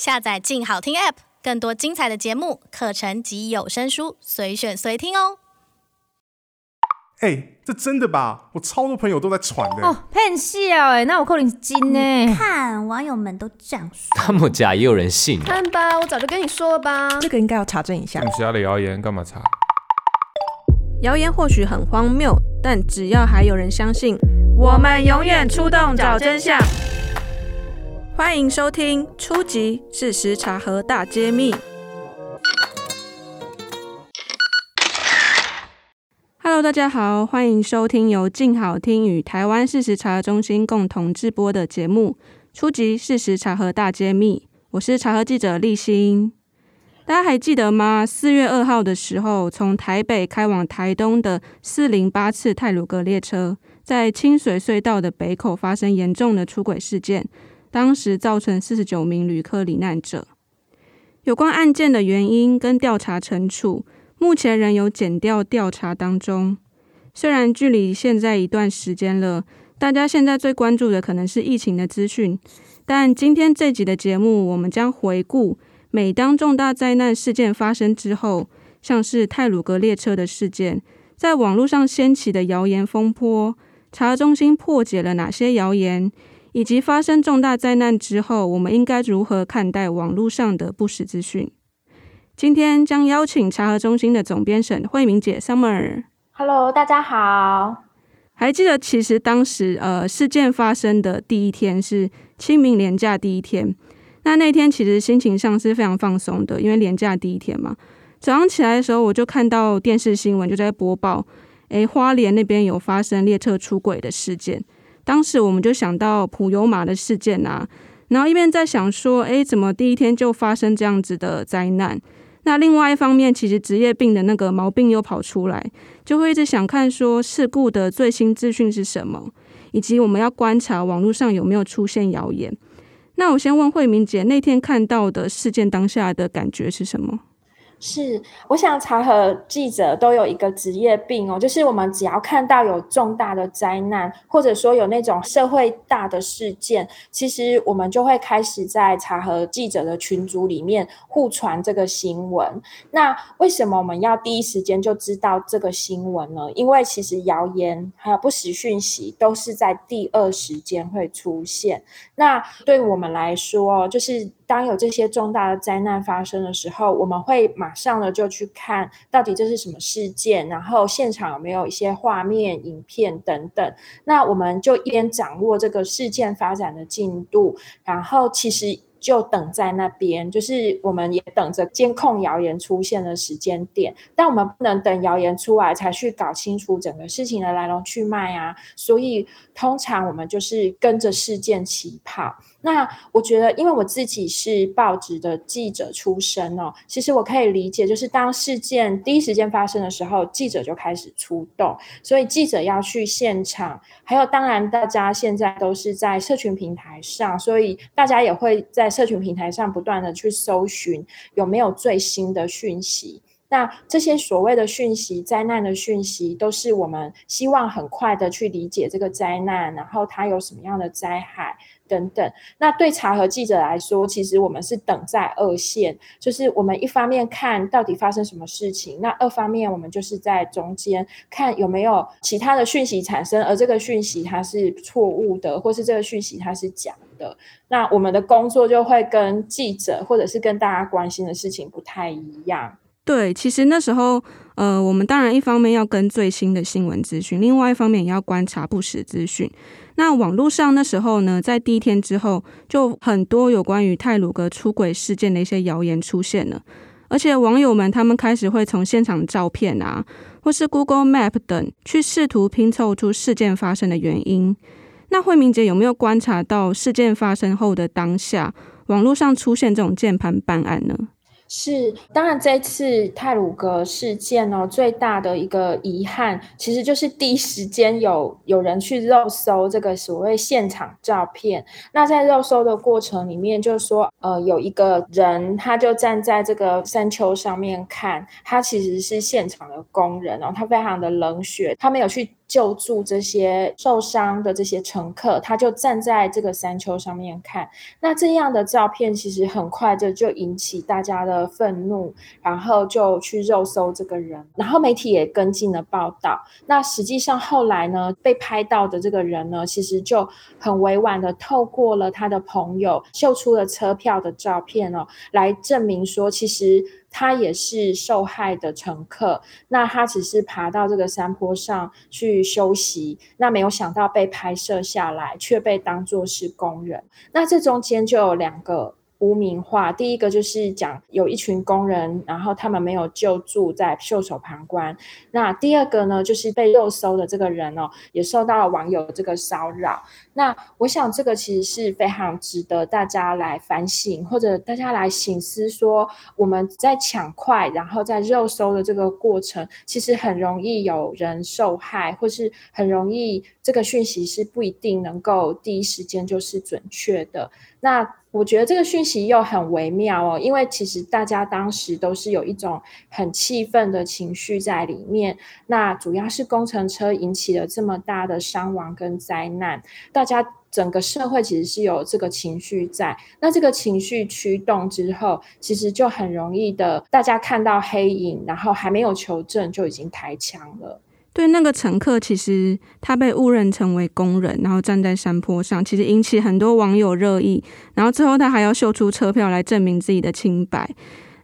下載勁好聽 App，更多精彩的節目、課程及有聲書，隨選隨聽哦。哎、欸，這真的吧？我超多朋友都在傳的哦。騙笑哎、欸，那我扣、欸、你金呢？看網友們都這樣說，他們假也有人信？看吧，我早就跟你說了吧。這個應該要查證一下。你其他的謠言幹嘛查？謠言或許很荒謬，但只要還有人相信，我們永遠出動找真相。歡迎收聽《出擊！事實查核大揭密》。Hello，大家好，歡迎收聽由鏡好聽與台灣事實查核中心共同制播的節目《出擊！事實查核大揭密》。我是查核記者麗昕。大家還記得嗎？四月二號的時候，從台北開往台東的四零八次太魯閣列車，在清水隧道的北口發生嚴重的出軌事件。當時造成四十九名旅客罹難者。有關案件的原因跟調查懲處，目前仍有檢調調查當中。雖然距離現在一段時間了，大家現在最關注的可能是疫情的資訊，但今天這集的節目，我們將回顧每當重大災難事件發生之後，像是太魯閣列車的事件，在網絡上掀起的謠言風波，查中心破解了哪些謠言。以及發生重大災難之後，我們應該如何看待網絡上的不實資訊？今天將邀請查核中心的總編審惠明姐 （Summer）。Hello，大家好。還記得，其實當時呃，事件發生的第一天是清明連假第一天。那那天其實心情上是非常放鬆的，因為連假第一天嘛。早上起來的時候，我就看到電視新聞就在播報，欸、花蓮那邊有發生列車出軌的事件。當時我們就想到普悠瑪的事件啊，然後一邊在想說，哎，怎麼第一天就發生這樣子的災難？那另外一方面，其實職業病的那個毛病又跑出來，就會一直想看說，事故的最新資訊是什麼，以及我們要觀察網絡上有沒有出現謠言。那我先問慧敏姐，那天看到的事件當下的感覺是什麼？是，我想查核記者都有一個職業病哦，就是我們只要看到有重大的災難，或者說有那種社會大的事件，其實我們就會開始在查核記者的群組裡面互傳這個新聞。那為什麼我們要第一時間就知道這個新聞呢？因為其實謠言還有不實訊息都是在第二時間會出現。那對我們來說，就是。當有這些重大的災難發生的時候，我們會馬上的就去看到底這是什麼事件，然後現場有沒有一些畫面、影片等等。那我們就一邊掌握這個事件發展的進度，然後其實就等在那邊，就是我們也等着監控謠言出現的時間點。但我們不能等謠言出來才去搞清楚整個事情的來龍去脈啊。所以通常我們就是跟着事件起跑。那我覺得，因為我自己是報紙的記者出身哦，其實我可以理解，就是當事件第一時間發生的時候，記者就開始出動，所以記者要去現場，還有當然大家現在都是在社群平台上，所以大家也會在社群平台上不斷的去搜尋有沒有最新的訊息。那這些所謂的訊息，災難的訊息，都是我們希望很快的去理解這個災難，然後它有什麼樣的災害。等等，那對查核記者來說，其實我們是等在二線，就是我們一方面看到底發生什麼事情，那二方面我們就是在中間看有沒有其他的訊息產生，而這個訊息它是錯誤的，或是這個訊息它是假的，那我們的工作就會跟記者或者是跟大家關心的事情不太一樣。對，其實那時候，呃，我們當然一方面要跟最新的新聞資訊，另外一方面也要觀察不實資訊。那網絡上那時候呢，在第一天之後，就很多有關於太魯閣出軌事件的一些謠言出現了，而且網友們他們開始會從現場照片啊，或是 Google Map 等去試圖拼湊出事件發生的原因。那惠明姐有沒有觀察到事件發生後的當下，網絡上出現這種鍵盤辦案呢？是，當然這次太魯閣事件哦，最大的一個遺憾，其實就是第一時間有有人去肉搜這個所謂現場照片。那在肉搜的過程裡面，就是說，呃，有一個人他就站在這個山丘上面看，他其實是現場的工人哦，他非常的冷血，他沒有去。救助這些受傷的這些乘客，他就站在這個山丘上面看。那這樣的照片其實很快就就引起大家的憤怒，然後就去肉搜這個人，然後媒體也跟進了報道。那實際上後來呢，被拍到的這個人呢，其實就很委婉的透過了他的朋友，秀出了車票的照片哦，來證明說其實。他也是受害的乘客，那他只是爬到這個山坡上去休息，那沒有想到被拍攝下來，卻被當作是工人，那這中間就有兩個。汙名化，第一個就是講有一群工人，然後他們沒有救助，在袖手旁觀。那第二個呢，就是被肉搜的這個人哦，也受到了網友這個騷擾。那我想，這個其實是非常值得大家來反省，或者大家來省思，說我們在搶快，然後在肉搜的這個過程，其實很容易有人受害，或是很容易這個訊息是不一定能夠第一時間就是準確的。那。我覺得這個訊息又很微妙哦，因為其實大家當時都是有一種很氣憤的情緒在裡面。那主要是工程車引起了這麼大的傷亡跟災難，大家整個社會其實是有這個情緒在。那這個情緒驅動之後，其實就很容易的，大家看到黑影，然後還沒有求證就已經開槍了。對那個乘客，其實他被誤認成為工人，然後站在山坡上，其實引起很多網友熱議。然後之後他還要秀出車票來證明自己的清白。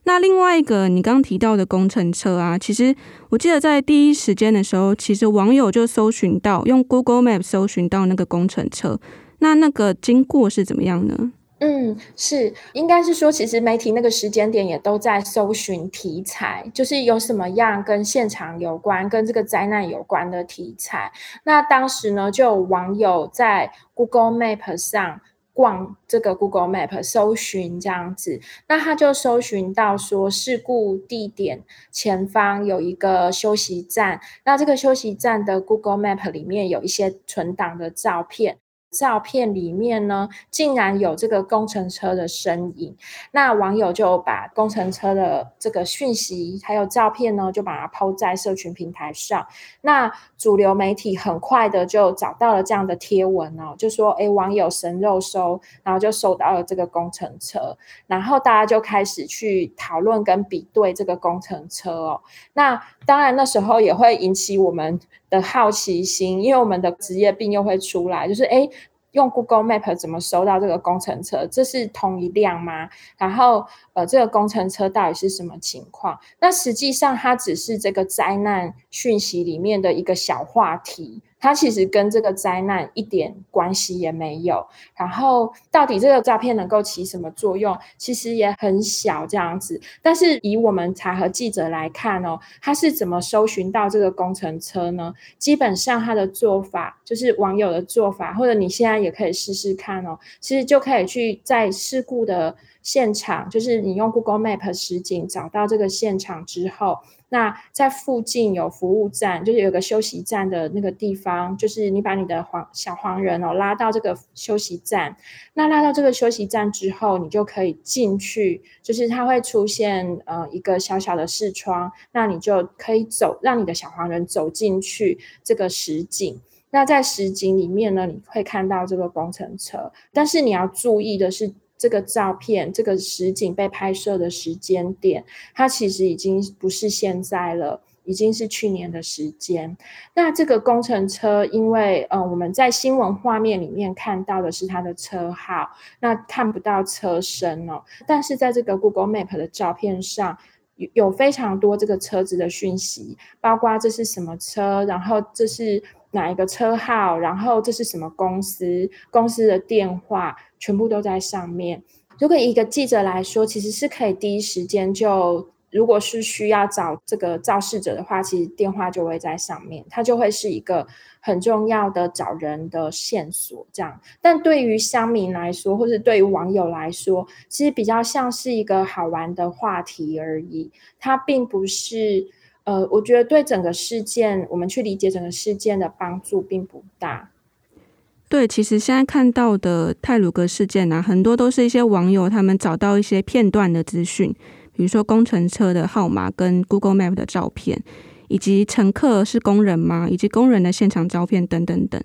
那另外一個你剛剛提到的工程車啊，其實我記得在第一時間的時候，其實網友就搜尋到用 Google Map 搜尋到那個工程車。那那個經過是怎麼樣呢？嗯，是，應該是說，其實媒體那個時間點也都在搜尋題材，就是有什麼樣跟現場有關、跟這個災難有關的題材。那當時呢，就有網友在 Google Map 上逛這個 Google Map，搜尋這樣子。那他就搜尋到說，事故地點前方有一個休息站。那這個休息站的 Google Map 裡面有一些存檔的照片。照片裡面呢，竟然有這個工程車的身影。那網友就把工程車的這個訊息還有照片呢，就把它 PO 在社群平台上。那主流媒體很快的就找到了這樣的貼文哦，就說：“誒，網友神肉收，然後就收到了這個工程車。”然後大家就開始去討論跟比對這個工程車哦。那當然那時候也會引起我們。的好奇心，因為我們的職業病又會出來，就是誒，用 Google Map 怎麼搜到這個工程車？這是同一輛嗎？然後呃，這個工程車到底是什麼情況？那實際上它只是這個災難訊息裡面的一個小話題。它其實跟這個災難一點關係也沒有。然後，到底這個照片能夠起什麼作用，其實也很小這樣子。但是，以我們查核記者來看哦，他是怎麼搜尋到這個工程車呢？基本上，他的做法就是網友的做法，或者你現在也可以試試看哦。其實就可以去在事故的現場，就是你用 Google Map 實景找到這個現場之後。那在附近有服務站，就是有個休息站的那個地方，就是你把你的黃小黃人哦拉到這個休息站，那拉到這個休息站之後，你就可以進去，就是它會出現呃一個小小的視窗，那你就可以走，讓你的小黃人走進去這個實景。那在實景裡面呢，你會看到這個工程車，但是你要注意的是。這個照片，這個實景被拍攝的時間點，它其實已經不是現在了，已經是去年的時間。那這個工程車，因為呃我們在新聞畫面裡面看到的是它的車號，那看不到車身哦。但是在這個 Google Map 的照片上，有有非常多這個車子的訊息，包括這是什麼車，然後這是。哪一個車號？然後這是什麼公司？公司的電話全部都在上面。如果一個記者來說，其實是可以第一時間就，如果是需要找這個肇事者的話，其實電話就會在上面，它就會是一個很重要的找人的線索。這樣，但對於鄉民來說，或是對於網友來說，其實比較像是一個好玩的話題而已，它並不是。呃，我覺得對整個事件，我們去理解整個事件的幫助並不大。對，其實現在看到的太魯閣事件啊，很多都是一些網友他們找到一些片段的資訊，比如說工程車的號碼跟 Google Map 的照片，以及乘客是工人嗎？以及工人的現場照片等等等。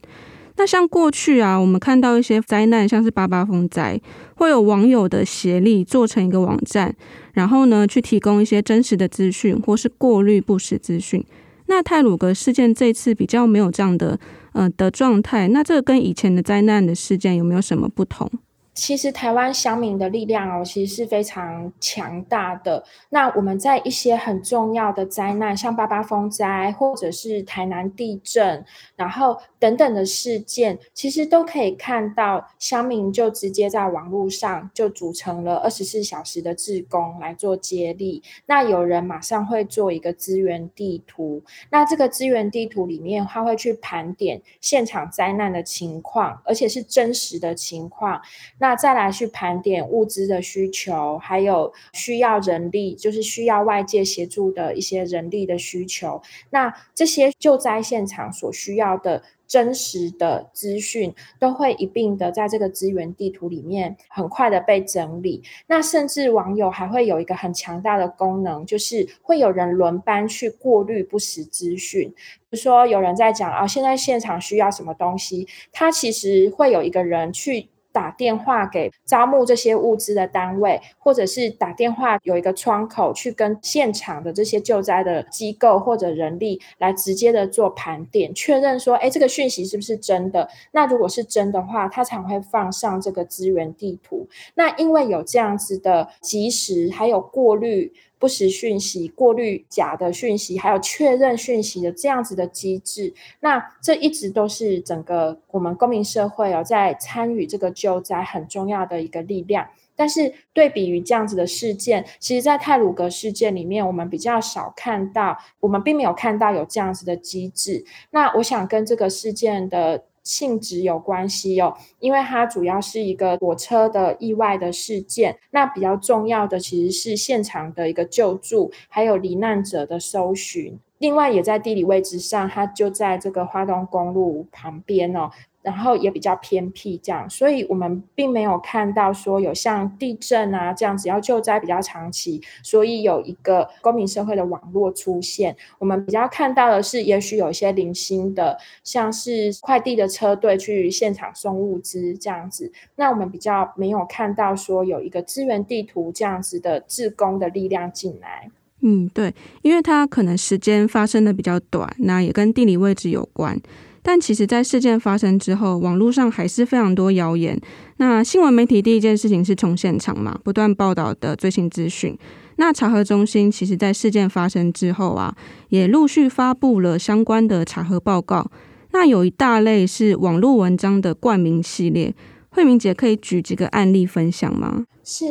那像過去啊，我們看到一些災難，像是八八風災，會有網友的協力做成一個網站，然後呢，去提供一些真實的資訊，或是過濾不實資訊。那太魯閣事件這次比較沒有這樣的呃的狀態，那這跟以前的災難的事件有沒有什麼不同？其實台灣鄉民的力量哦，其實是非常強大的。那我們在一些很重要的災難，像八八風災或者是台南地震，然後等等的事件，其實都可以看到鄉民就直接在網絡上就組成了二十四小時的志工來做接力。那有人馬上會做一個資源地圖，那這個資源地圖裡面他會去盤點現場災難的情況，而且是真實的情況。那再來去盤點物資的需求，還有需要人力，就是需要外界協助的一些人力的需求。那這些救災現場所需要的真實的資訊，都會一並的在這個資源地圖裡面很快的被整理。那甚至網友還會有一個很強大的功能，就是會有人輪班去過濾不實資訊。比如說有人在講啊、哦，現在現場需要什麼東西，他其實會有一個人去。打電話給招募這些物資的單位，或者是打電話有一個窗口去跟現場的這些救災的機構或者人力來直接的做盤點，確認說，誒、哎、這個訊息是不是真的？那如果是真的話，他才會放上這個資源地圖。那因為有這樣子的及時，還有過濾。不實訊息、過濾假的訊息，還有確認訊息的這樣子的機制，那這一直都是整個我們公民社會哦，在參與這個救災很重要的一個力量。但是對比於這樣子的事件，其實在太魯閣事件裡面，我們比較少看到，我們並沒有看到有這樣子的機制。那我想跟這個事件的。性質有關係哦，因為它主要是一個火車的意外的事件。那比較重要的其實是現場的一個救助，還有罹難者的搜尋。另外，也在地理位置上，它就在這個花東公路旁邊哦。然後也比較偏僻，這樣，所以我們並沒有看到說有像地震啊這樣子，要救災比較長期，所以有一個公民社會的網絡出現。我們比較看到的是，也許有一些零星的，像是快遞的車隊去現場送物資這樣子。那我們比較沒有看到說有一個資源地圖這樣子的志工的力量進來。嗯，對，因為它可能時間發生的比較短，那、啊、也跟地理位置有關。但其實，在事件發生之後，網絡上還是非常多謠言。那新聞媒體第一件事情是從現場嘛，不斷報道的最新資訊。那查核中心其實，在事件發生之後啊，也陸續發布了相關的查核報告。那有一大類是網絡文章的冠名系列，惠明姐可以舉幾個案例分享嗎？是。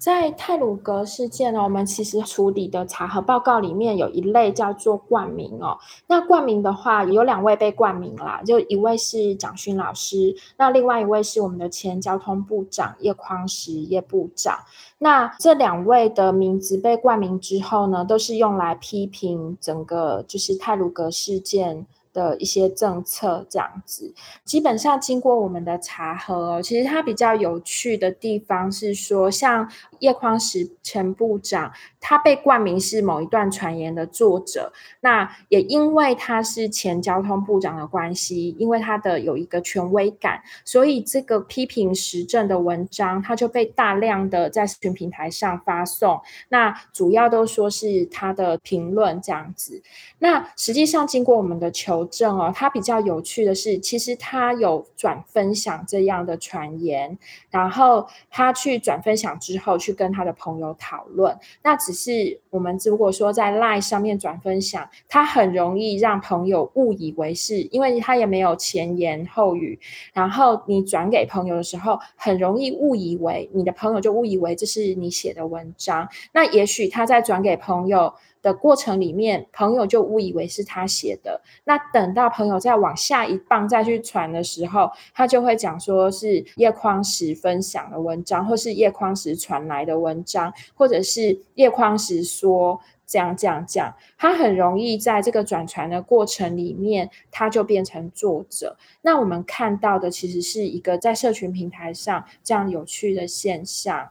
在太魯閣事件呢，我們其實處理的查核報告裡面有一類叫做冠名哦。那冠名的話，有兩位被冠名啦，就一位是蔣勳老師，那另外一位是我們的前交通部長葉匡時葉部長。那這兩位的名字被冠名之後呢，都是用來批評整個就是太魯閣事件。的一些政策這樣子，基本上經過我們的查核哦，其實它比較有趣的地方是說，像葉匡時前部長。他被冠名是某一段傳言的作者，那也因為他是前交通部長的關係，因為他的有一個權威感，所以這個批評時政的文章，他就被大量的在視頻平台上發送。那主要都說是他的評論這樣子。那實際上經過我們的求證哦，他比較有趣的是，其實他有轉分享這樣的傳言，然後他去轉分享之後，去跟他的朋友討論，那。只是我們如果說在 Line 上面轉分享，它很容易讓朋友誤以為是，因為他也沒有前言後語。然後你轉給朋友的時候，很容易誤以為你的朋友就誤以為這是你寫的文章。那也許他在轉給朋友的過程裡面，朋友就誤以為是他寫的。那等到朋友再往下一棒再去傳的時候，他就會講說是葉匡時分享的文章，或是葉匡時傳來的文章，或者是葉。匡時說這樣這樣這樣，他很容易在這個轉傳的過程裡面，他就變成作者。那我們看到的其實是一個在社群平台上這樣有趣的現象。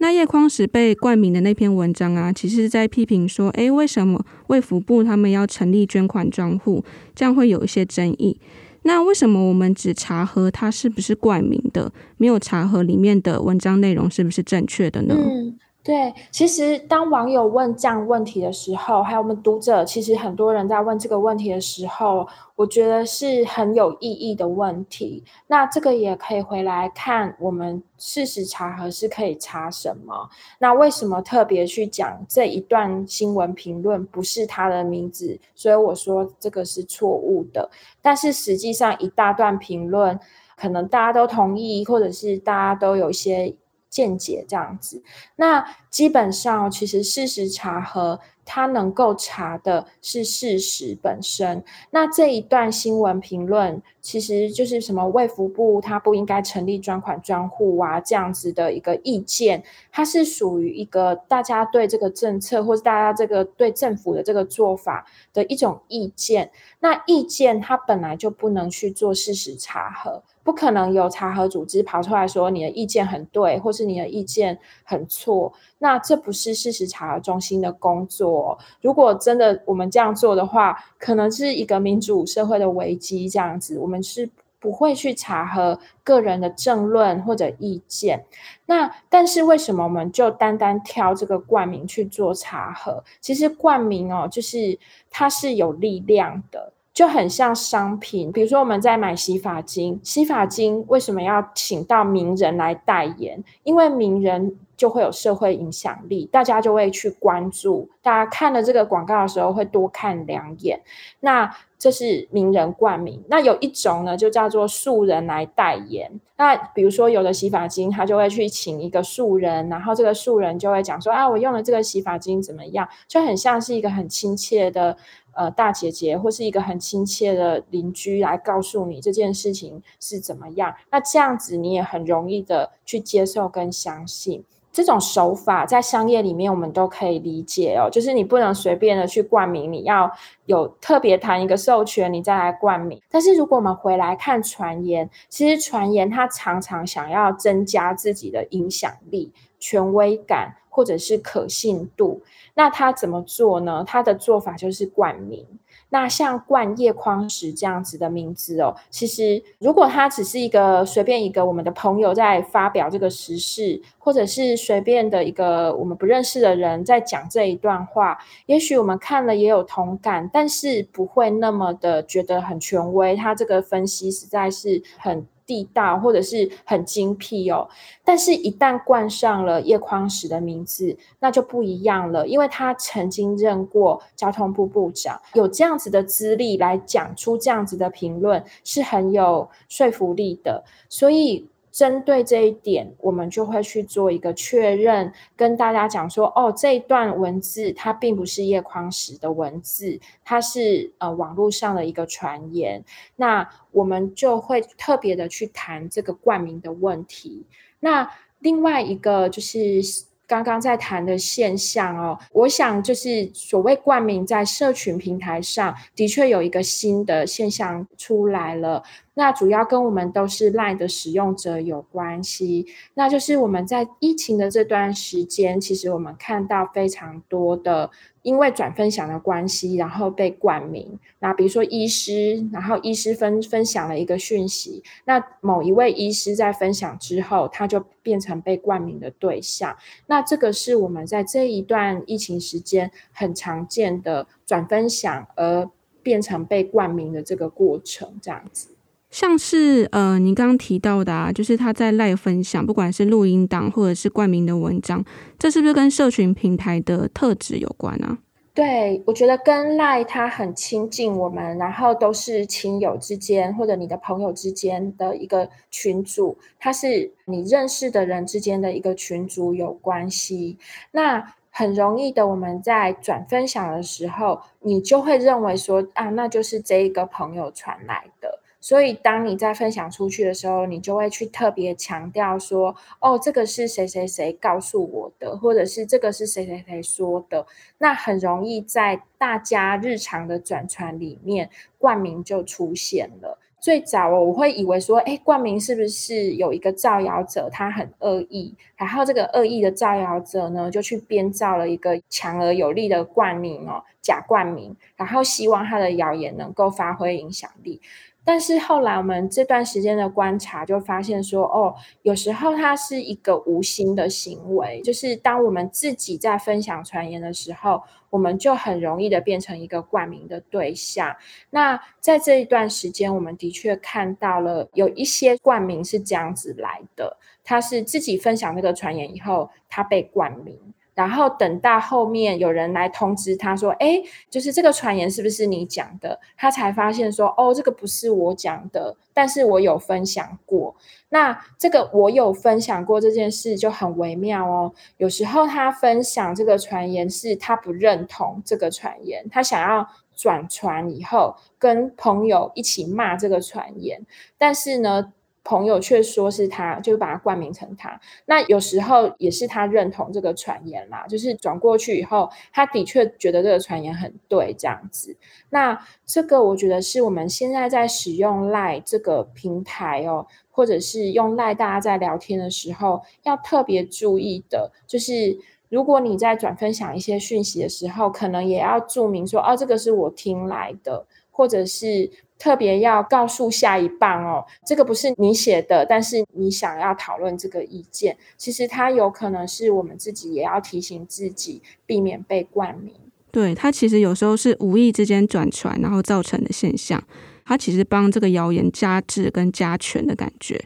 那葉匡時被冠名的那篇文章啊，其實是在批評說，哎、欸，為什麼衛福部他們要成立捐款賬戶這樣會有一些爭議。那為什麼我們只查核他是不是冠名的，沒有查核裡面的文章內容是不是正確的呢？嗯對，其實當網友問這樣問題的時候，還有我們讀者，其實很多人在問這個問題的時候，我覺得是很有意義的問題。那這個也可以回來看我們事實查核是可以查什麼？那為什麼特別去講這一段新聞評論不是他的名字？所以我說這個是錯誤的。但是實際上一大段評論，可能大家都同意，或者是大家都有些。見解這樣子，那基本上其實事實查核。他能夠查的是事實本身。那這一段新聞評論，其實就是什麼？衛福部它不應該成立專款專戶啊，這樣子的一個意見，它是屬於一個大家對這個政策，或是大家這個對政府的這個做法的一種意見。那意見它本來就不能去做事實查核，不可能有查核組織跑出來說你的意見很對，或是你的意見。很錯，那這不是事實查核中心的工作哦。如果真的我們這樣做的話，可能是一個民主社會的危機。這樣子，我們是不會去查核個人的政論或者意見。那但是為什麼我們就單單挑這個冠名去做查核？其實冠名哦，就是它是有力量的。就很像商品，比如說我們在買洗髮精，洗髮精為什麼要請到名人來代言？因為名人就會有社會影響力，大家就會去關注，大家看了這個廣告的時候會多看兩眼。那這是名人冠名。那有一種呢，就叫做素人來代言。那比如說，有的洗髮精，他就會去請一個素人，然後這個素人就會講說：“啊，我用了這個洗髮精怎麼樣？”就很像是一個很親切的呃大姐姐，或是一個很親切的鄰居來告訴你這件事情是怎麼樣。那這樣子你也很容易的去接受跟相信。這種手法在商業裡面我們都可以理解哦，就是你不能隨便的去冠名，你要有特別談一個授權，你再來冠名。但是如果我們回來看傳言，其實傳言他常常想要增加自己的影響力、權威感或者是可信度，那他怎麼做呢？他的做法就是冠名。那像冠葉礦石這樣子的名字哦，其實如果他只是一個隨便一個我們的朋友在發表這個時事，或者是隨便的一個我們不認識的人在講這一段話，也許我們看了也有同感，但是不會那麼的覺得很權威。他這個分析實在是很。地道，或者是很精闢哦，但是，一旦冠上了葉匡時的名字，那就不一樣了，因為他曾經任過交通部部長，有這樣子的資歷來講出這樣子的評論是很有說服力的，所以。針對這一點，我們就會去做一個確認，跟大家講說：哦，這一段文字它並不是葉匡時的文字，它是呃網絡上的一個傳言。那我們就會特別的去談這個冠名的問題。那另外一個就是剛剛在談的現象哦，我想就是所謂冠名在社群平台上的確有一個新的現象出來了。那主要跟我們都是 LINE 的使用者有關係。那就是我們在疫情的這段時間，其實我們看到非常多的因為轉分享的關係，然後被冠名。那比如說醫師，然後醫師分分享了一個訊息，那某一位醫師在分享之後，他就變成被冠名的對象。那這個是我們在這一段疫情時間很常見的轉分享而變成被冠名的這個過程，這樣子。像是呃，你剛剛提到的、啊，就是他在賴分享，不管是錄音檔或者是冠名的文章，這是不是跟社群平台的特質有關呢、啊？對，我覺得跟賴他很親近我們，然後都是親友之間或者你的朋友之間的一個群組，他是你認識的人之間的一個群組有關係。那很容易的，我們在轉分享的時候，你就會認為說啊，那就是這一個朋友傳來的。所以，當你在分享出去的時候，你就會去特別強調說：“哦，這個是誰誰誰告訴我的，或者是這個是誰誰誰說的。”那很容易在大家日常的轉傳裡面，冠名就出現了。最早哦，我會以為說：“哎，冠名是不是有一個造謠者，他很惡意？然後這個惡意的造謠者呢，就去編造了一個強而有力的冠名哦，假冠名，然後希望他的謠言能夠發揮影響力。”但是後來我們這段時間的觀察就發現說，哦，有時候它是一個無心的行為，就是當我們自己在分享傳言的時候，我們就很容易的變成一個冠名的對象。那在這一段時間，我們的確看到了有一些冠名是這樣子來的，他是自己分享那個傳言以後，他被冠名。然後等到後面有人來通知他說：“誒，就是這個傳言是不是你講的？”他才發現說：“哦，這個不是我講的，但是我有分享過。那這個我有分享過這件事就很微妙哦。有時候他分享這個傳言是他不認同這個傳言，他想要轉傳以後跟朋友一起罵這個傳言，但是呢。……朋友卻說是他，就把他冠名成他。那有時候也是他認同這個傳言啦，就是轉過去以後，他的確覺得這個傳言很對這樣子。那這個我覺得是我們現在在使用 LINE 這個平台哦，或者是用 LINE 大家在聊天的時候，要特別注意的，就是如果你在轉分享一些訊息的時候，可能也要注明說，哦，這個是我聽來的。或者是特別要告訴下一棒哦，這個不是你寫的，但是你想要討論這個意見，其實它有可能是我們自己也要提醒自己，避免被冠名。對，它其實有時候是無意之間轉傳，然後造成的現象，它其實幫這個謠言加制跟加權的感覺。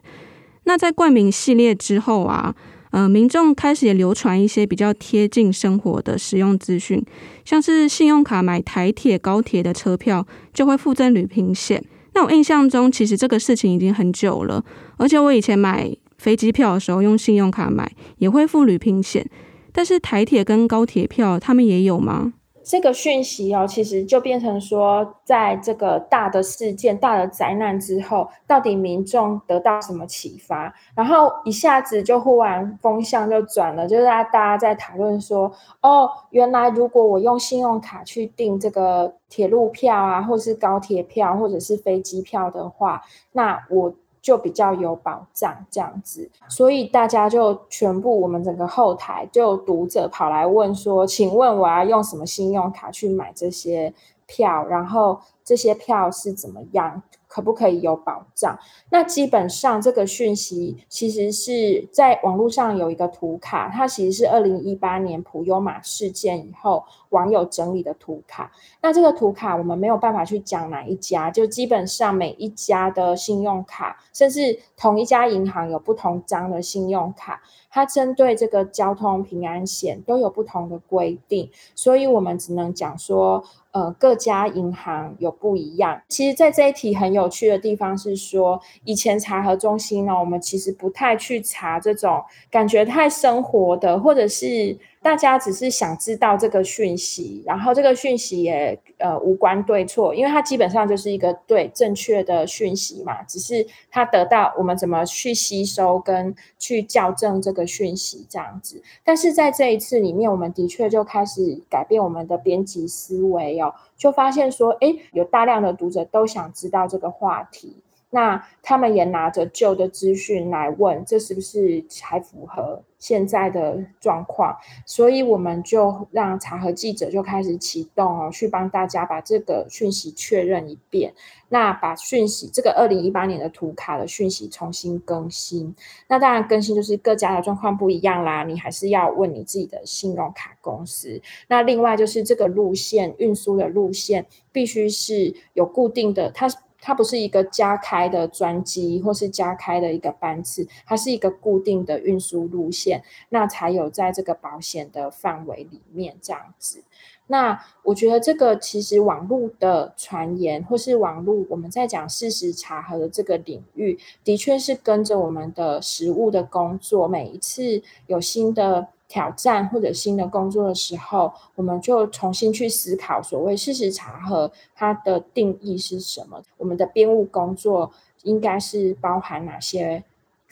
那在冠名系列之後啊。呃，民眾開始也流傳一些比較貼近生活的實用資訊，像是信用卡買台鐵、高鐵的車票就會附贈旅平險。那我印象中，其實這個事情已經很久了，而且我以前買飛機票的時候用信用卡買也會附旅平險，但是台鐵跟高鐵票他們也有嗎？這個訊息哦，其實就變成說，在這個大的事件、大的災難之後，到底民眾得到什麼啟發？然後一下子就忽然風向就轉了，就是大家在討論說，哦，原來如果我用信用卡去訂這個鐵路票啊，或是高鐵票，或者是飛機票的話，那我。就比較有保障這樣子，所以大家就全部我們整個後台就讀者跑來問說，請問我要用什麼信用卡去買這些票，然後這些票是怎麼樣，可不可以有保障？那基本上這個訊息其實是在網路上有一個圖卡，它其實是二零一八年普悠瑪事件以後。網友整理的圖卡，那這個圖卡我們沒有辦法去講哪一家，就基本上每一家的信用卡，甚至同一家銀行有不同張的信用卡，它針對這個交通平安險都有不同的規定，所以我們只能講說，呃，各家銀行有不一樣。其實，在這一題很有趣的地方是說，以前查核中心呢，我們其實不太去查這種感覺太生活的，或者是。大家只是想知道這個訊息，然後這個訊息也呃無關對錯，因為它基本上就是一個對正確的訊息嘛，只是它得到我們怎麼去吸收跟去校正這個訊息這樣子。但是在這一次裡面，我們的確就開始改變我們的編輯思維哦，就發現說，誒，有大量的讀者都想知道這個話題。那他們也拿着舊的資訊來問，這是不是還符合現在的狀況？所以我們就讓查核記者就開始啟動哦，去幫大家把這個訊息確認一遍。那把訊息這個二零一八年的圖卡的訊息重新更新。那當然更新就是各家的狀況不一樣啦，你還是要問你自己的信用卡公司。那另外就是這個路線運輸的路線必須是有固定的，它。它不是一個加開的專機，或是加開的一個班次，它是一個固定的運輸路線，那才有在這個保險的範圍裡面這樣子。那我覺得這個其實網絡的傳言，或是網絡我們在講事實查核的這個領域，的確是跟着我們的實務的工作，每一次有新的。挑戰或者新的工作的時候，我們就重新去思考所謂事實查核它的定義是什麼？我們的編務工作應該是包含哪些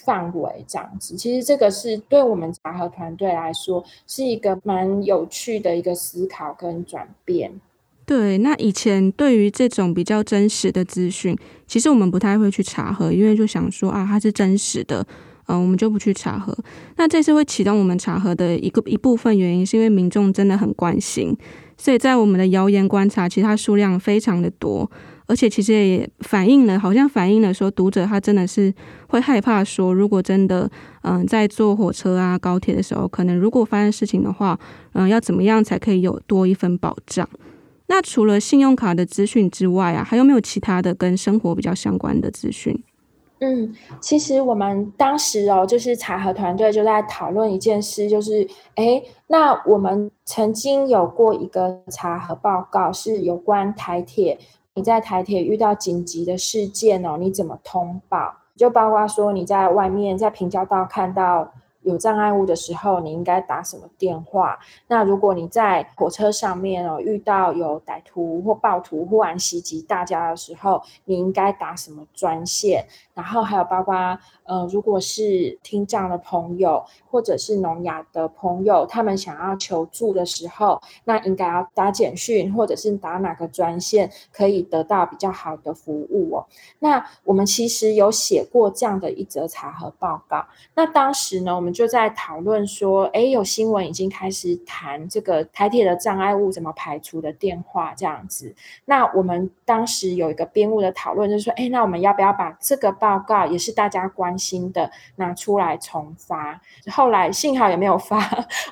範圍這樣子？其實這個是對我們查核團隊來說是一個蠻有趣的一個思考跟轉變。對，那以前對於這種比較真實的資訊，其實我們不太會去查核，因為就想說啊，它是真實的。嗯、呃，我們就不去查核。那這次會啟動我們查核的一個一部分原因，是因為民眾真的很關心，所以在我們的謠言觀察，其他數量非常的多，而且其實也反映了，好像反映了說讀者他真的是會害怕說，如果真的嗯、呃、在坐火車啊高鐵的時候，可能如果發生事情的話，嗯、呃、要怎麼樣才可以有多一份保障？那除了信用卡的資訊之外啊，還有沒有其他的跟生活比較相關的資訊？嗯，其實我們當時哦，就是查核團隊就在討論一件事，就是，誒，那我們曾經有過一個查核報告，是有關台鐵，你在台鐵遇到緊急的事件哦，你怎麼通報？就包括說，你在外面在平交道看到有障礙物的時候，你應該打什麼電話？那如果你在火車上面哦，遇到有歹徒或暴徒忽然襲擊大家的時候，你應該打什麼專線？然後還有包括呃，如果是聽障的朋友或者是聾啞的朋友，他們想要求助的時候，那應該要打簡訊或者是打哪個專線，可以得到比較好的服務哦。那我們其實有寫過這樣的一則查核報告。那當時呢，我們就在討論說，哎，有新聞已經開始談這個台鐵的障礙物怎麼排除的電話這樣子。那我們當時有一個編務的討論，就是說，哎，那我們要不要把這個報報告也是大家關心的，拿出來重發。後來幸好也沒有發。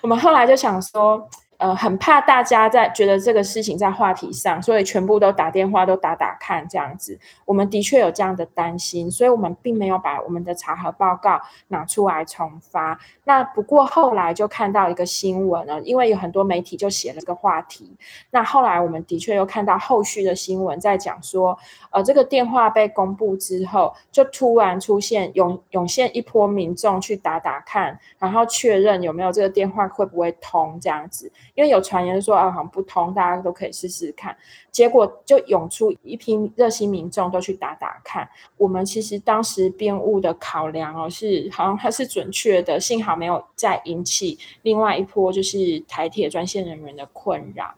我們後來就想說。呃，很怕大家在覺得這個事情在話題上，所以全部都打電話都打打看這樣子。我們的確有這樣的擔心，所以我們並沒有把我們的查核報告拿出來重發。那不過後來就看到一個新聞了，呃，因為有很多媒體就寫了這個話題。那後來我們的確又看到後續的新聞在講說，呃，這個電話被公布之後，就突然出現湧湧現一波民眾去打打看，然後確認有沒有這個電話會不會通這樣子。因為有傳言說啊好像不通，大家都可以試試看，結果就湧出一批熱心民眾都去打打看。我們其實當時編務的考量哦，是好像它是準確的，幸好沒有再引起另外一波就是台鐵專線人員的困擾。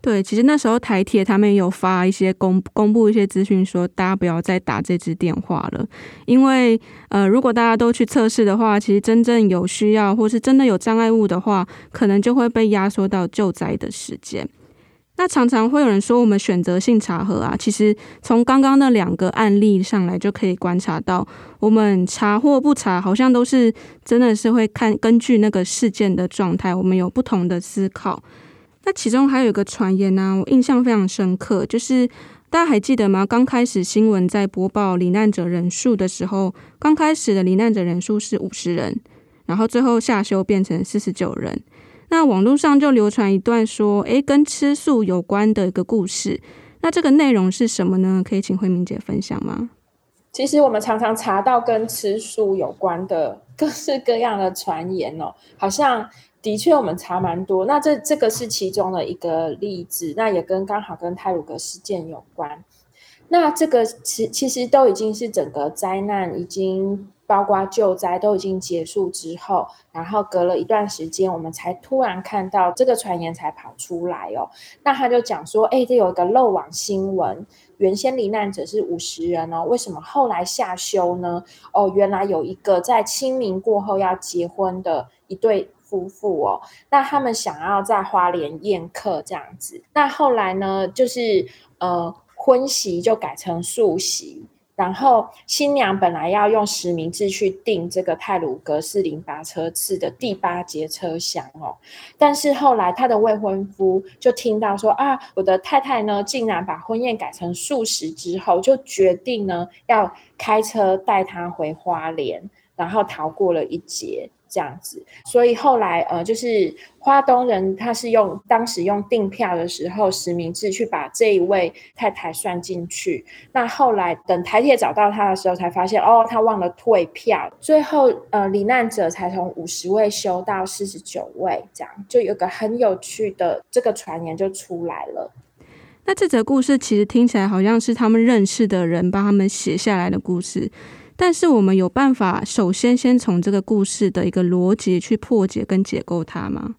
對，其實那時候台鐵他們也有發一些公公布一些資訊，說大家不要再打這支電話了，因為呃，如果大家都去測試的話，其實真正有需要或是真的有障礙物的話，可能就會被壓縮到救災的時間。那常常會有人說我們選擇性查核啊，其實從剛剛那兩個案例上來就可以觀察到，我們查或不查，好像都是真的是會看根據那個事件的狀態，我們有不同的思考。其中還有一個傳言呢、啊，我印象非常深刻，就是大家還記得嗎？剛開始新聞在播報罹難者人數的時候，剛開始的罹難者人數是五十人，然後最後下修變成四十九人。那網絡上就流傳一段說，哎、欸，跟吃素有關的一個故事。那這個內容是什麼呢？可以請慧明姐分享嗎？其實我們常常查到跟吃素有關的各式各樣的傳言哦、喔，好像。的確，我們查蠻多。那這這個是其中的一個例子，那也跟剛好跟太魯閣事件有關。那這個其其實都已經是整個災難已經包括救災都已經結束之後，然後隔了一段時間，我們才突然看到這個傳言才跑出來哦。那他就講說，哎，這有一個漏網新聞，原先罹難者是五十人哦，為什麼後來下修呢？哦，原來有一個在清明過後要結婚的一對。夫婦哦，那他們想要在花蓮宴客這樣子，那後來呢，就是呃，婚席就改成素食，然後新娘本來要用實名制去訂這個太魯閣四零八車次的第八節車廂哦，但是後來她的未婚夫就聽到說啊，我的太太呢，竟然把婚宴改成素食之後，就決定呢要開車帶她回花蓮，然後逃過了一劫。這樣子，所以後來呃，就是花東人他是用當時用訂票的時候實名制去把這一位太太算進去。那後來等台鐵找到他的時候，才發現哦，他忘了退票。最後呃，罹難者才從五十位修到四十九位，這樣就有個很有趣的這個傳言就出來了。那這則故事其實聽起來好像是他們認識的人幫他們寫下來的故事。但是我們有辦法，首先先從這個故事的一個邏輯去破解跟解構它嗎？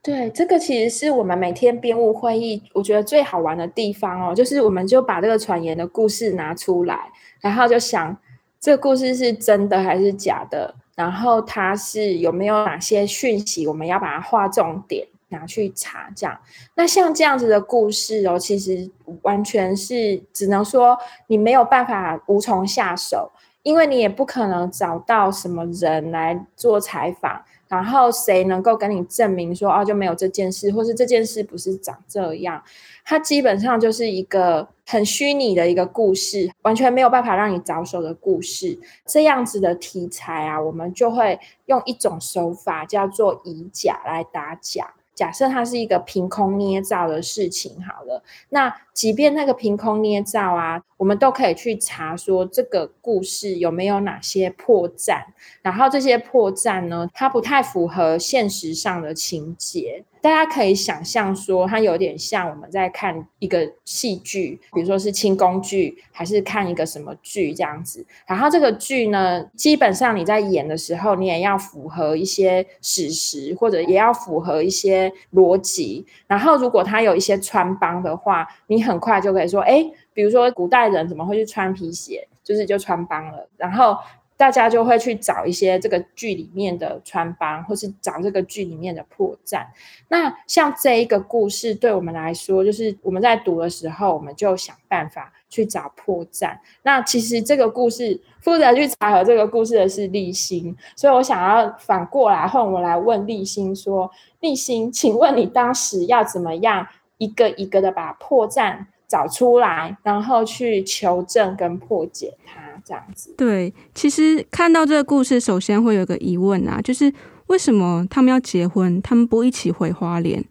對，這個其實是我們每天編務會議，我覺得最好玩的地方哦，就是我們就把這個傳言的故事拿出來，然後就想這個故事是真的還是假的，然後它是有沒有哪些訊息我們要把它劃重點拿去查，這樣。那像這樣子的故事哦，其實完全是只能說你沒有辦法無從下手。因為你也不可能找到什麼人來做採訪，然後誰能夠跟你證明說，啊，就沒有這件事，或是這件事不是長這樣？它基本上就是一個很虛擬的一個故事，完全沒有辦法讓你着手的故事。這樣子的題材啊，我們就會用一種手法叫做以假來打假。假設它是一個憑空捏造的事情，好了，那即便那個憑空捏造啊。我們都可以去查說這個故事有沒有哪些破綻，然後這些破綻呢，它不太符合現實上的情節。大家可以想象說，它有點像我們在看一個戲劇，比如說是清宮劇，還是看一個什麼劇這樣子。然後這個劇呢，基本上你在演的時候，你也要符合一些史實，或者也要符合一些邏輯。然後如果它有一些穿幫的話，你很快就可以說，誒。比如說，古代人怎麼會去穿皮鞋？就是就穿幫了，然後大家就會去找一些這個劇裡面的穿幫，或是找這個劇裡面的破綻。那像這一個故事，對我們來說，就是我們在讀的時候，我們就想辦法去找破綻。那其實這個故事負責去查核這個故事的是立心，所以我想要反過來換我們來問立心說：「立心，請問你當時要怎麼樣一個一個的把破綻？」找出來，然後去求證跟破解它，這樣子。對，其實看到這個故事，首先會有一個疑問啊，就是為什麼他們要結婚？他們不一起回花蓮，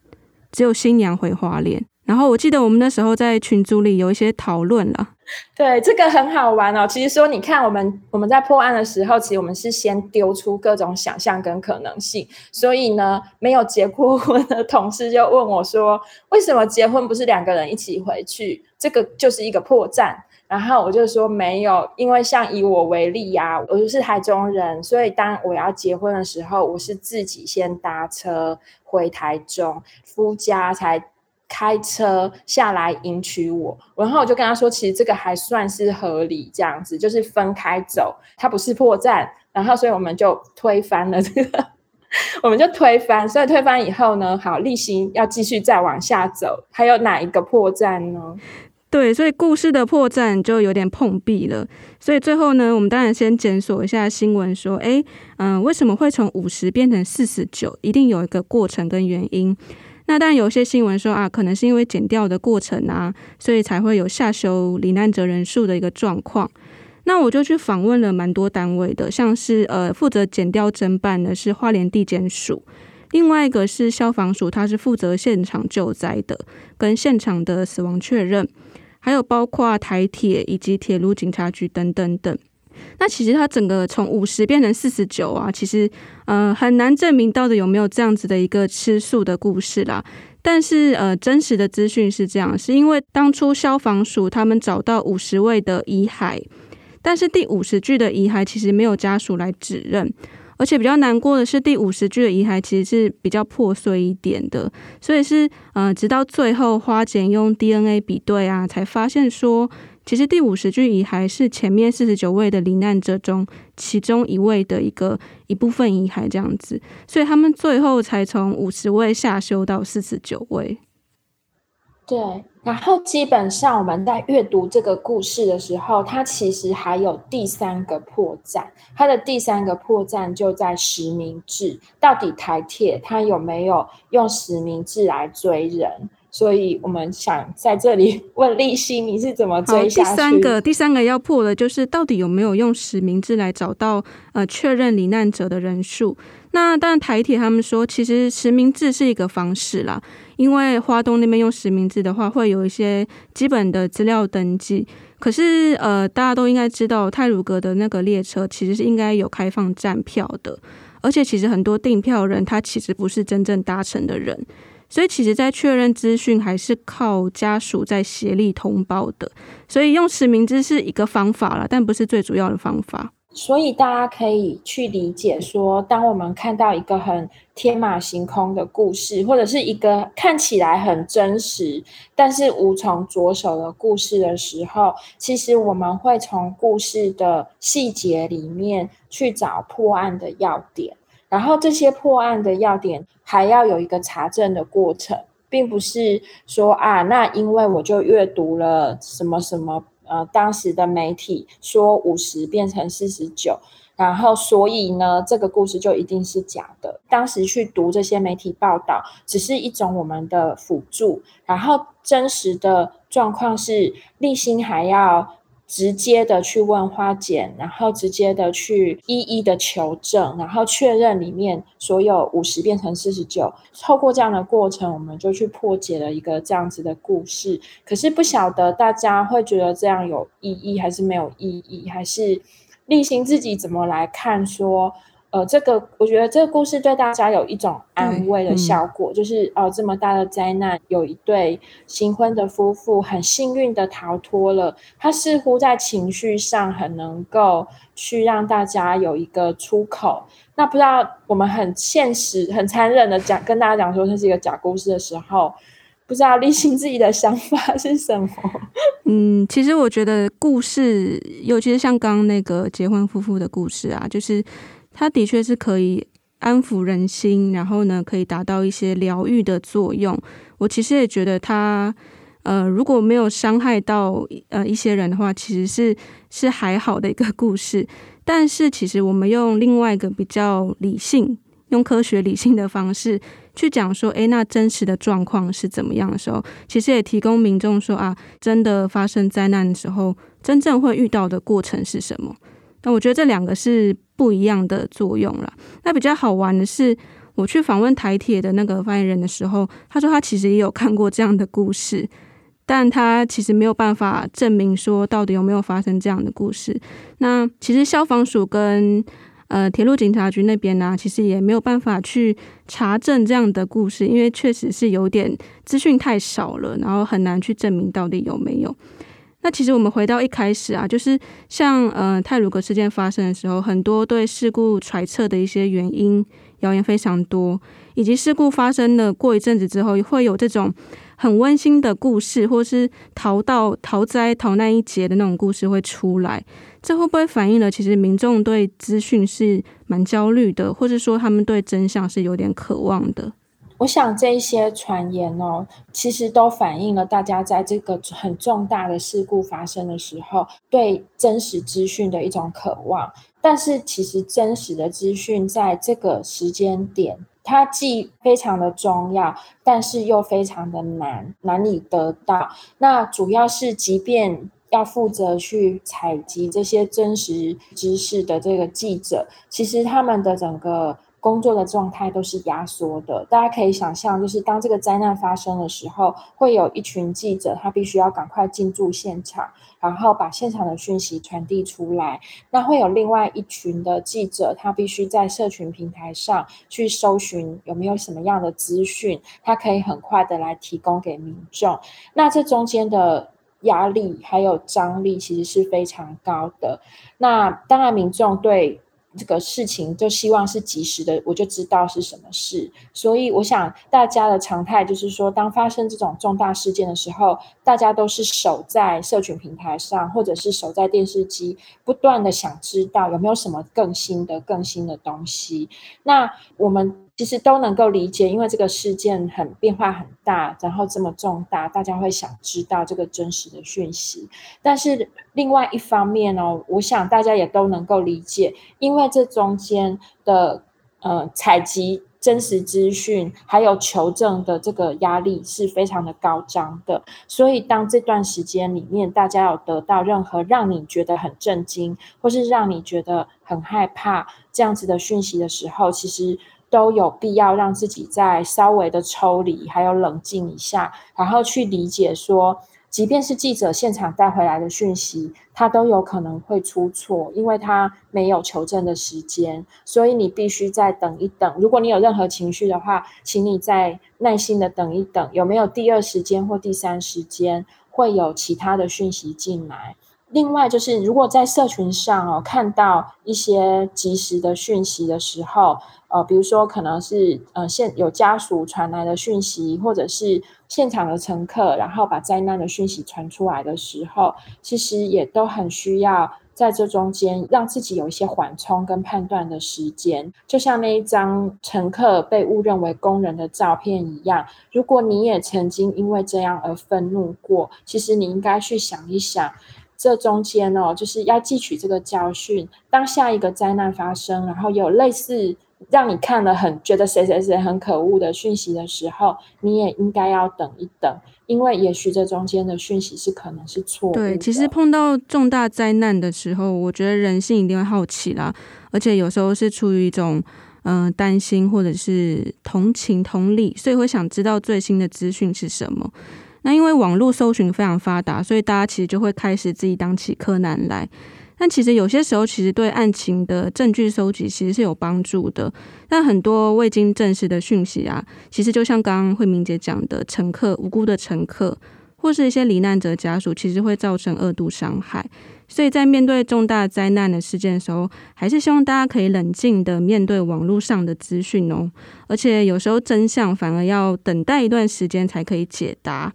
只有新娘回花蓮。然後我記得我們那時候在群組裡有一些討論了。對，這個很好玩哦。其實說，你看我們我們在破案的時候，其實我們是先丟出各種想象跟可能性。所以呢，沒有結過婚的同事就問我說：“為什麼結婚不是兩個人一起回去？”這個就是一個破綻。然後我就說：“沒有，因為像以我為例呀、啊，我就是台中人，所以當我要結婚的時候，我是自己先搭車回台中，夫家才。”開車下來迎娶我，然後我就跟他說，其實這個還算是合理，這樣子就是分開走，它不是破綻。然後，所以我們就推翻了這個， 我們就推翻。所以推翻以後呢，好，利息要繼續再往下走。還有哪一個破綻呢？對，所以故事的破綻就有點碰壁了。所以最後呢，我們當然先檢索一下新聞，說，哎、欸，嗯、呃，為什麼會從五十變成四十九？一定有一個過程跟原因。那但有些新聞說啊，可能是因為檢調的過程啊，所以才會有下修罹難者人數的一個狀況。那我就去訪問了蠻多單位的，像是呃負責檢調偵辦的是花蓮地檢署，另外一個是消防署，它是負責現場救災的，跟現場的死亡確認，還有包括台鐵以及鐵路警察局等等等。那其實他整個從五十變成四十九啊，其實呃很難證明到底有沒有這樣子的一個吃素的故事啦。但是呃真實的資訊是這樣，是因為當初消防署他們找到五十位的遺骸，但是第五十具的遺骸其實沒有家屬來指認，而且比較難過的是第五十具的遺骸其實是比較破碎一點的，所以是呃直到最後花錢用 DNA 比對啊，才發現說。其實第五十具遺骸是前面四十九位的罹難者中其中一位的一個一部分遺骸，這樣子，所以他們最後才從五十位下修到四十九位。對，然後基本上我們在閱讀這個故事的時候，它其實還有第三個破綻，它的第三個破綻就在實名制，到底台鐵它有沒有用實名制來追人？所以我們想在這裡問立希，你是怎麼追下去？第三個，第三個要破的就是到底有沒有用實名制來找到呃、確認罹難者的人數？那但台鐵他們說其實實名制是一個方式啦，因為花東那邊用實名制的話，會有一些基本的資料登記。可是呃，大家都應該知道，太魯閣的那個列車其實是應該有開放站票的，而且其實很多訂票人他其實不是真正搭乘的人。所以，其實，在確認資訊還是靠家屬在協力通報的。所以，用實名制是一個方法啦，但不是最主要的方法。所以，大家可以去理解說，當我們看到一個很天馬行空的故事，或者是一個看起來很真實，但是無從着手的故事的時候，其實我們會從故事的細節裡面去找破案的要點。然後這些破案的要點還要有一個查證的過程，並不是說啊，那因為我就閱讀了什麼什麼，呃，當時的媒體說五十變成四十九，然後所以呢，這個故事就一定是假的。當時去讀這些媒體報道，只是一種我們的輔助，然後真實的狀況是立心還要。直接的去問花姐，然後直接的去一一的求證，然後確認裡面所有五十變成四十九。透過這樣的過程，我們就去破解了一個這樣子的故事。可是不曉得大家會覺得這樣有意義還是沒有意義，還是例行自己怎麼來看說？呃，這個我覺得這個故事對大家有一種安慰的效果，嗯、就是哦、呃，這麼大的災難，有一對新婚的夫婦很幸運的逃脫了。他似乎在情緒上很能夠去讓大家有一個出口。那不知道我們很現實、很殘忍的講，跟大家講說這是一個假故事的時候，不知道立心自己的想法是什麼？嗯，其實我覺得故事，尤其是像剛剛那個結婚夫婦的故事啊，就是。它的確是可以安撫人心，然後呢，可以達到一些療癒的作用。我其實也覺得它，呃，如果沒有傷害到呃一些人的話，其實是是還好的一個故事。但是，其實我們用另外一個比較理性、用科學理性的方式去講說，欸，那真實的狀況是怎麼樣的時候，其實也提供民眾說啊，真的發生災難的時候，真正會遇到的過程是什麼。那我覺得這兩個是不一樣的作用了。那比較好玩的是，我去訪問台鐵的那個發言人的時候，他說他其實也有看過這樣的故事，但他其實沒有辦法證明說到底有沒有發生這樣的故事。那其實消防署跟呃鐵路警察局那邊呢、啊，其實也沒有辦法去查證這樣的故事，因為確實是有點資訊太少了，然後很難去證明到底有沒有。那其實我們回到一開始啊，就是像呃太魯閣事件發生的時候，很多對事故揣測的一些原因謠言非常多，以及事故發生的過一陣子之後，會有這種很溫馨的故事，或是逃到逃災逃難一劫的那種故事會出來，這會不會反映了其實民眾對資訊是蠻焦慮的，或是說他們對真相是有點渴望的？我想這些傳言哦，其實都反映了大家在這個很重大的事故發生的時候，對真實資訊的一種渴望。但是，其實真實的資訊在這個時間點，它既非常的重要，但是又非常的難，難以得到。那主要是，即便要負責去採集這些真實知識的這個記者，其實他們的整個。工作的狀態都是壓縮的，大家可以想象，就是當這個災難發生的時候，會有一群記者，他必須要趕快進駐現場，然後把現場的訊息傳遞出來。那會有另外一群的記者，他必須在社群平台上去搜尋有沒有什麼樣的資訊，他可以很快的來提供給民眾。那這中間的壓力還有張力其實是非常高的。那當然，民眾對這個事情就希望是及時的，我就知道是什麼事。所以我想大家的常態就是說，當發生這種重大事件的時候，大家都是守在社群平台上，或者是守在電視機，不斷的想知道有沒有什麼更新的、更新的東西。那我們。其實都能夠理解，因為這個事件很變化很大，然後這麼重大，大家會想知道這個真實的訊息。但是另外一方面呢、哦，我想大家也都能夠理解，因為這中間的呃採集真實資訊還有求證的這個壓力是非常的高漲的。所以當這段時間裡面，大家有得到任何讓你覺得很震驚，或是讓你覺得很害怕這樣子的訊息的時候，其實。都有必要讓自己再稍微的抽離，還有冷靜一下，然後去理解說，即便是記者現場帶回來的訊息，他都有可能會出錯，因為他沒有求證的時間，所以你必須再等一等。如果你有任何情緒的話，請你再耐心的等一等，有沒有第二時間或第三時間，會有其他的訊息進來。另外，就是如果在社群上哦看到一些即時的訊息的時候，呃，比如說可能是呃現有家屬傳來的訊息，或者是現場的乘客，然後把災難的訊息傳出來的時候，其實也都很需要在這中間讓自己有一些緩衝跟判斷的時間。就像那一張乘客被誤認為工人的照片一樣，如果你也曾經因為這樣而憤怒過，其實你應該去想一想。這中間哦，就是要汲取這個教訓。當下一個災難發生，然後有類似讓你看了很覺得誰誰誰很可惡的訊息的時候，你也應該要等一等，因為也許這中間的訊息是可能是錯的。對，其實碰到重大災難的時候，我覺得人性一定會好奇啦，而且有時候是出於一種嗯、呃、擔心或者是同情同理，所以會想知道最新的資訊是什麼。那因為網絡搜尋非常發達，所以大家其實就會開始自己當起柯南來。但其實有些時候，其實對案情的證據收集其實是有幫助的。但很多未經證實的訊息啊，其實就像剛剛惠明姐講的，乘客無辜的乘客，或是一些罹難者家屬，其實會造成二度傷害。所以在面對重大災難的事件的時候，還是希望大家可以冷靜的面對網絡上的資訊哦。而且有時候真相反而要等待一段時間才可以解答。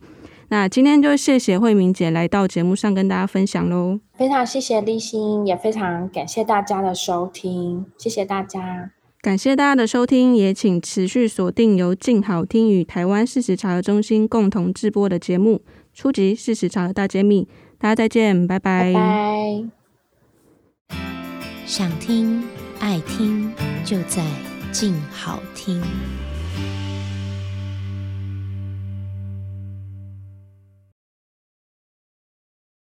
那今天就謝謝慧明姐來到節目上跟大家分享嘍，非常謝謝立新，也非常感謝大家的收聽，謝謝大家，感謝大家的收聽，也請持續鎖定由靜好聽與台灣事實查核中心共同制播的節目《出擊！事實查核大揭密》，大家再見，拜拜，拜拜，想聽愛聽就在靜好聽。